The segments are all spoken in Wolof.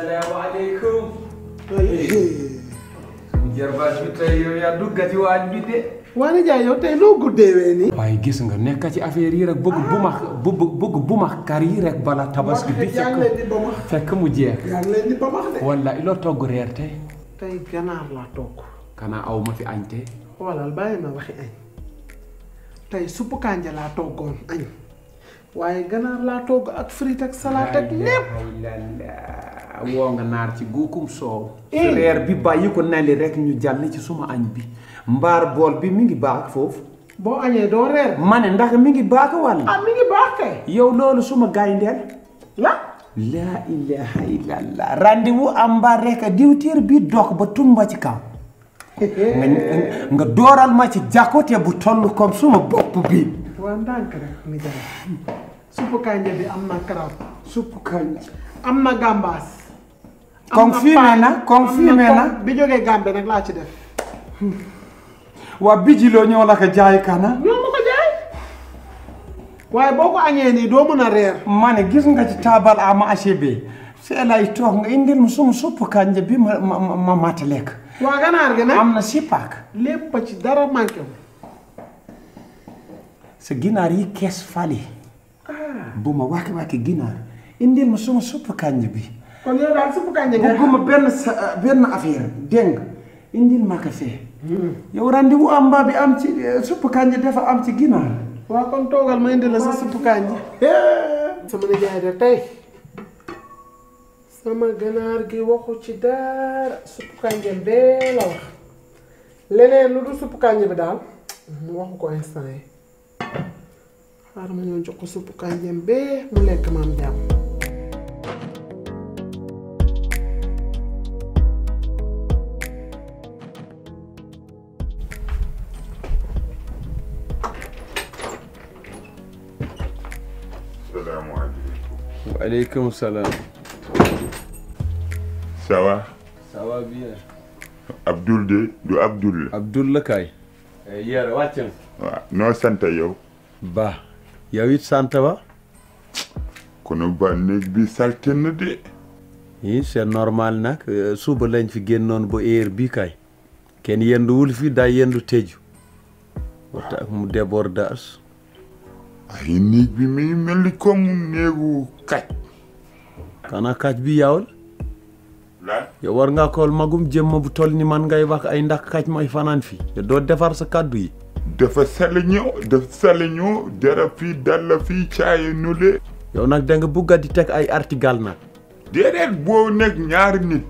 salaamaaleykum. jarbaas bi tey yow yaa dugg ci waañ bi de. waaye jaay yow tey loo guddeewee nii. waaye gis nga nekk ci affaire yi rek bëgg ah. bu ma bëgg bu ma kar yi rek bala tabaski bi fekk fekk mu jeex. yaa ngi togg reer tey. tey ganaar laa togg. kanaa aw ma fi añ tey. xoolal bàyyi ma waxi añ tey suppu kànja laa toggoon añ waaye ganaar laa togg ak frit ak salaat ak lépp. woo nga naar ci guukum soow eh. su reer bi bàyyi ko nelli rek ñu jàll ci suma añ bi mbaar bool bi mi ngi baax foofu boo añee doo reer ma ne ndax mi ngi baax wàll ah yow loolu suma gayndeel la laa ilaha illallah rendez-vous am mbaar rek diwtiir bi dox ba tumba ci kaw eh. nga dooral ma ci jàkkote bu toll comme suma bopp bi waa ndànk rek mi dara suppu kanja bi am na karaw suppu na gambaas kon fumier na kon fumier na bi jógee Gambie nag laa ci def. waa bijiloo ñëw la ko jaay kana. ñoo ma doo mën a reer. ne gis nga ci taabal ama aché bi seelay toog nga indil mu sum supp kànja bi ma ma mat lekk. waa ganaar gi nag am na si paak. lépp ci dara manqué wu. sa ginaar yi kees fali. Ah. bu ma waaki waaki ginaar indil mu sum supp kànja bi. kon yow daal suppu kànja nga bugguma benn Deng, eh, benn affaire dégg nga indil ma café hmm. yow rendez-vous am mbaa bi am ci main eh, kànja dafa am ci kon ma sa suppu kànja sama nijaay de tey sama ganar gi waxu ci dara suppu kànja bee la wax leneen lu dul suppu kànja bi daal waxu ko instant yi xaaral ma ñëw jox ko mu maam Waaleykum salaam. ça va. ça de du Abdoul la. Abdoul eh, noo sant yow. ba yow it sant ba. kono ba néeg bi salte de. oui c'est normal nag eh, suba lañ fi génnoon ba heure bii kaay. kenn yendu wul fi daa yendu tëju. waaw mu déborde as. ay néeg bi muy mel ni comme néegu kaj kana bi yaawul yow war nga kool magum jëmm bu toll ni man ngay wax ay ndax kaj may fanaan fii te doo defar sa kàddu yi dafa saliñoo dafa saliñoo dara fii dalla fii caaye nule yow nag da nga bugga di teg ay artigal nag déedéet boo nekk ñaari nit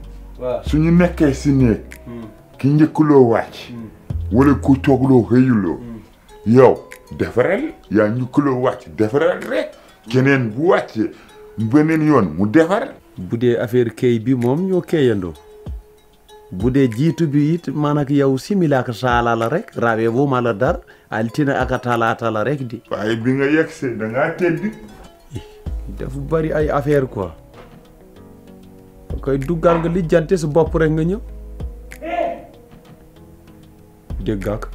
suñu nekkee si néeg hmm. ki njëkkuloo wàcc hmm. wala ku toogloo xëyuloo hmm. yow defaral yaa ñu kuloo wàcc defaral rek keneen bu wàccee beneen yoon mu defar bu dee affaire kay bi moom ñoo kayandoo bu dee jiitu bi it maanaam yow simila ak saala la rek rawe bo ma la dar altina ak talaata la rek di waaye bi nga yegsee da ngaa teddi dafa bari ay affaire quoi koy duggal nga lijjante sa bopp rek nga ñëw eh! dégg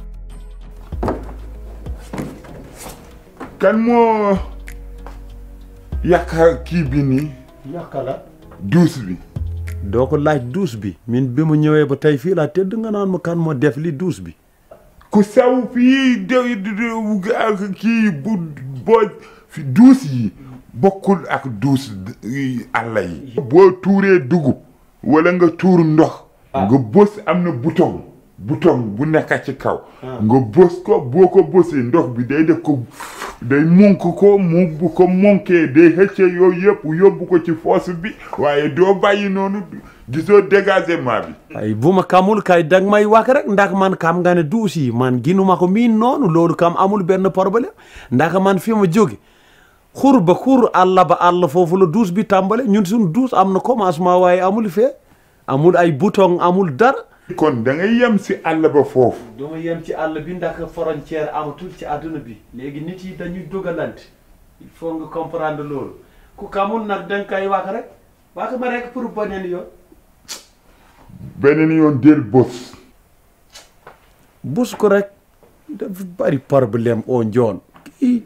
kan moo yàq kii bi nii. yàq la duus bi. doo ko laaj duus bi. min bi mu ñëwee ba tey fii laa tëdd nga naan ma kan moo def li duus bi. ku saw fii de ak fi duus yi bokkul ak duus àll yi. boo tuuree dugub. wala nga tuur ndox. Ah. nga bës am na bouton. bouton bu nekk ci kaw. Ah. nga bës ko boo ko bësee ndox bi day def ko. day monk ko mu ko monkee day xëcce yooyu yëpp yóbbu ko ci force bi waaye doo bàyyi noonu gisoo dégagement bi ay bu ma kamul kay dag may wax rek ndax man kam nga ne duusi man ginuma ko miin noonu loolu kam amul benn problème ndax man fi ma jóge xur ba xur àll ba àll foofu la duus bi tàmbale ñun suñ duus am na commencement waaye amul fee amul ay bouton amul dara kon da ngay yam si àll ba foofu. dama yam ci àll bi ndax frontière amatul ci aduna bi léegi nit yi dañuy dogalante il faut nga comprendre lool ku kamul nak dang kay wax rek wax ma rek pour bonen yo benen yoon del boss boss ko rek dafa bari problème o ndion melna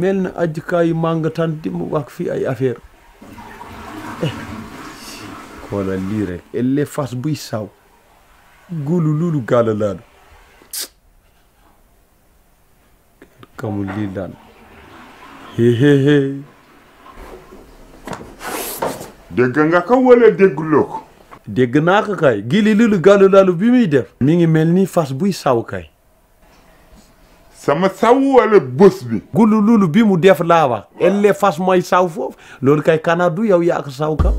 mel na ajjukaayu màngataan di wax ay affaire xoolal lii rek elle fas buy saw góolu loolu gaala laanu xamul lii daan dégg nga ka wala dégguloo ko dégg naa ko kay gili loolu gaala laanu bi muy def mi ngi mel ni fas buy saw kay sama saw wala bés bi gulu loolu bi mu def laa wax elle fas mooy saw foofu loolu kay kana du yow yaa ko saw ka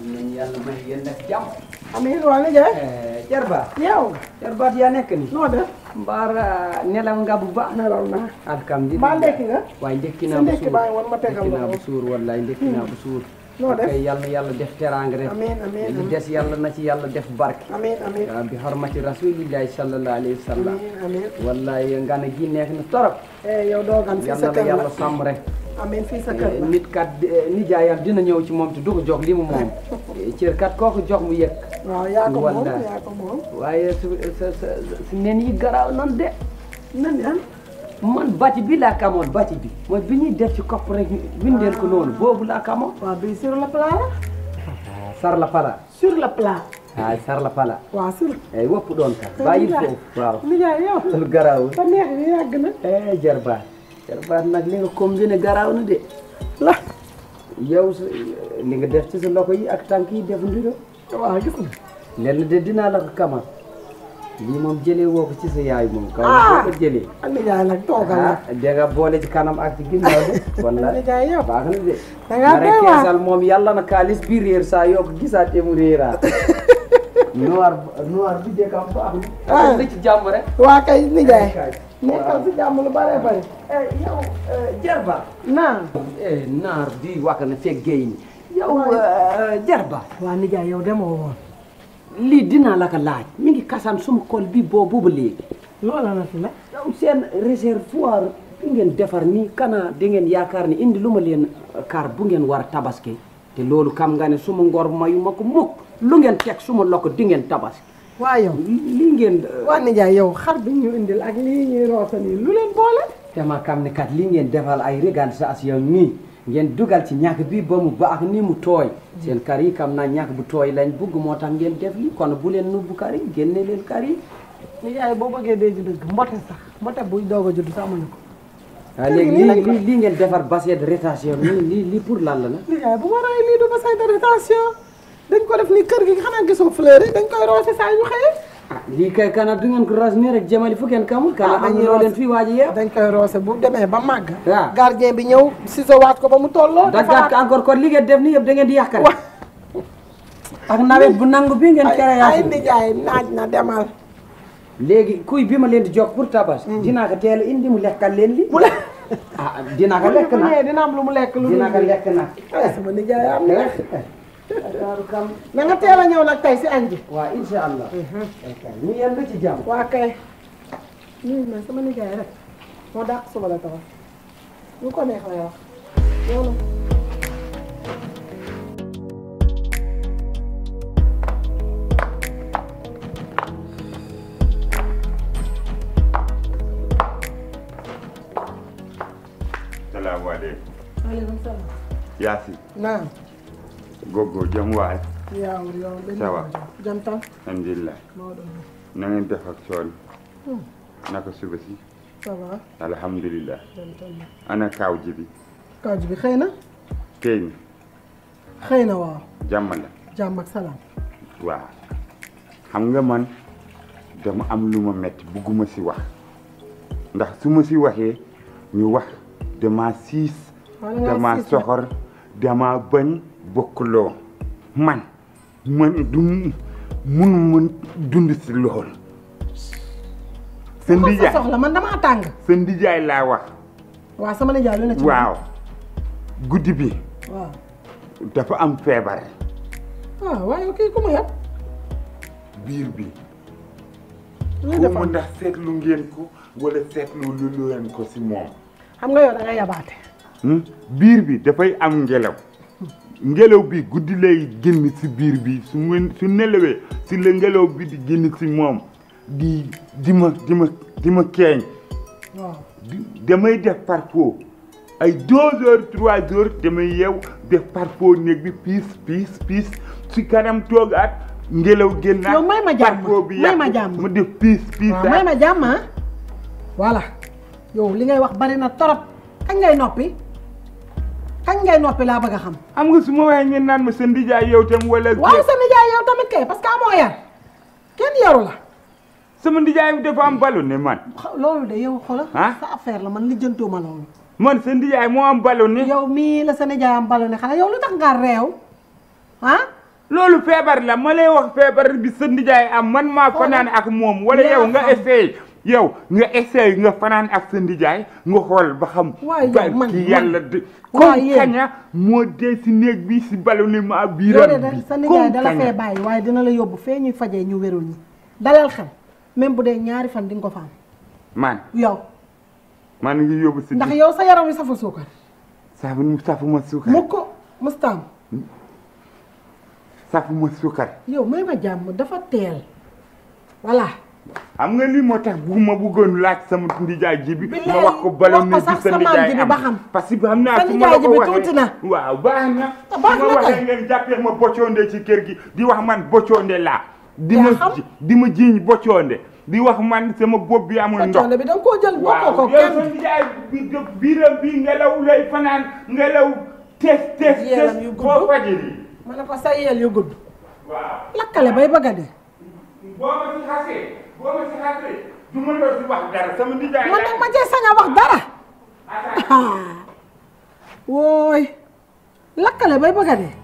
am nañu yàlla a yéen nag jàmm. Eh, nekk nii. noo def. mbaar ah, nelaw nga bu baax. nelaw naa. alhamdulilah maa ndekki nga. waaye ndekki naa bu suur ndekki baa bu suur wallaay ndekki hmm. def kay yàlla def teraanga rek. amiin des yàlla na ci yàlla def barke. amiin amiin waaw bi xormati rasulillahi sallallahu alayhi wa nga ne gi neex na torop. Eh, gan si sa rek. amiin fii sa kër nit kat eh, dina ñëw ci moom te du ko jox li moom. Eh, cër kat koo ko jox mu yëg. waaw yaa ko moom yaa ko moom waaye su sa yi garaaw nan de. nan yan. Ah? man bati bi laa kamoon bati bi. mooy bi ñuy def ci kopp rek bindeel ko noonu boobu laa kamoon. Ah, sar la pala. sur ah, la pala. waaw sur. ay eh, wopp doon ka bàyyi foofu waaw. nijaay yow. lu garaaw. sa neex yi yàgg na. jarbaat. jarbaat nag li nga combiner garaaw na de la yow sa li nga def ci sa loxo yi ak tànk yi def ndiro waaw jox lenn de dinaa la ko kamal lii moom jëlee woo ci sa yaay moom. kaw la ko ah! jëlee. Aliou yaa la ci kanam ak ci ginnaaw de. wallaay baax na de. da ngaa doy waar moom yàlla na kaalis bi réer saa yoo ko gisaatee mu réeraat. noir noir bi ah. ci jàmm rek. waa kay nijaay. nekkal si jàmm lu bare bare. Eh, eh, yow eh, naar. naar di wax na fekk géej ñi. yow Jerba. waa nijaay la ko laaj. mi ngi kasaan suma kol bi boobu ba léegi. loola la fi la. yow seen réservoir bi ngeen defar ni kana di ngeen yaakaar ni indi lu ma leen kar bu ngeen war tabaski te loolu kam nga ne suma ngor mayu ma ko mukk lu ngeen tek suma lokk di ngeen tabaski waa li lii ngeen eh, ni jaay yow xar bi ñu indil ak li ñi roosa lu leen boole te ma kam ne kat li ngeen defal ay yow ni ngeen dugal ci ñak bi ba mu baax ni mu toy seen kar yi xam naa bu toy lañ bugg moo tax ngeen def li kon bu leen nubu kar yi génne leen kar yi nijaay boo bëggee dee ju dëgg mbote sax mbote bu doog a sax amuñu ko waaw ah, léegi lii ngeen defar bassin de rétention nii lii pour lan la nag nijaay bu ma rey lii du de rétention dañ ko def ni kër gi xana gisoo fleur yi dañ koy rosé sa ñu xëyee ah, li kay kana du ngeen ko ras ni rek jëmali fu kenn kamul kanam ah, am ñu leen fi waji yeew dañ koy rosé bu démé ba mag ah. gardien bi ñëw wat ko ba mu da daggaat ka encore ko li ngeen def ni yeb da ngeen di yàqal ak nawe bu nangu bi ngeen ya ay nijaay naaj na démal légui kuy bima leen di jox pour tabas mm. dina ko téel indi mu lekkal leen li ah dina ko lek na dina am lu mu lek lu dina ko lek na sama nijaay am lek Dakar kam. na nga teel a ñëw nag tey si añ ji. waaw incha allah. Mhm. ñu yem ba ci jàmm. waa kay. nuyu ma sama nijaay rek moo dàq suba la taw lu ko neex lay wax loolu. salaamaaleykum. maaleykum salaam. Yaasin. naam. gogo ya, jam waay yawr ben. sawa jam ta alhamdulillah na ngeen def ak coon hmm. naka suba si sawa alhamdulillah ana kaw ji bi kaaw ji bi xeyna wah? Jam na xëy na la ak salam wa xam nga man dama am lu metti buguma si wax ndax suma si ñu wax dama dama soxor dama bagn bokkuloo man man du mun mun dund si lool. seen man damaa tàng. seen nijaay laa wax. waaw sama nijaay lu ci waaw guddi bi. waaw dafa am feebar. ah biir bi. mu ndax seetlu ngeen ko wala seetlu lu leen ko si moom. xam nga yow da nga yabaate. Hmm? biir bi dafay am ngelaw. ngelaw bi guddi lay génn ci biir bi su mu nelawee ci la ngelaw bi di génn ci moom di di ma di ma di ma keeñ damay def parfois ay deux heures trois heures damay yeew def parfois néeg bi piis piis piis ci kanam toogaat ngelaw génnaat yow may ma jàmm may ma jàmm ma def ah. yow li ngay wax bari na torop kañ ngay noppi kañ ngay noppi laa bëgg a xam. am nga su ma waxee ngeen naan ma sa nijaay yow tam tamit kay parce que amoo yar kenn yaru la. sama nijaay bi dafa am balu ne man. sa affaire la man lijjantoo ma loolu. man sa nijaay moo am balu ne. yow mii la sa nijaay am balu ne xanaa yow lu tax nga réew loolu feebar la ma lay wax feebar bi sa nijaay am man maa fanaan ak moom. wala yow nga essayé. yow nga essayé nga fanaan ak sa ndijaay nga xool ba xam. waaye yow man ci yàlla de. waaye kaña moo dee si néeg bi si ballonnement biiram bi. sa nijaay dala fee waaye dina la yóbbu fee ñuy fajee ñu wérul ñi dalal xel même bu dee ñaari fan di ko fa am. man yow. man ngi yóbbu si. ndax yow sa yaram wi safa suukar. saabu mu safu ma suukar. mu ko mustaam. safu ma suukar. yow may ma jàmm dafa teel voilà. am nga lii moo tax bu ma bëggoon laaj sama nijaay ji bi ma wax ko bala ne bi sa nijaay am parce que xam naa su ma la ko waxee waaw baax na su ma waxee ngeen jàppee ma boccoonde ci kër gi di wax man boccoonde laa di ma di ma jiiñ boccoonde di wax man sama bopp bi amul ndox boccoonde bi da koo jël bokkoo ko kenn waaw yow bi biiram bi ngelaw lay fanaan ngelaw tes tes tes sa yeel yu gudd lakkale bay bëgg a boo ma si xasee du ma doon si dara sama wax dara. wooy lakkale bay bëgg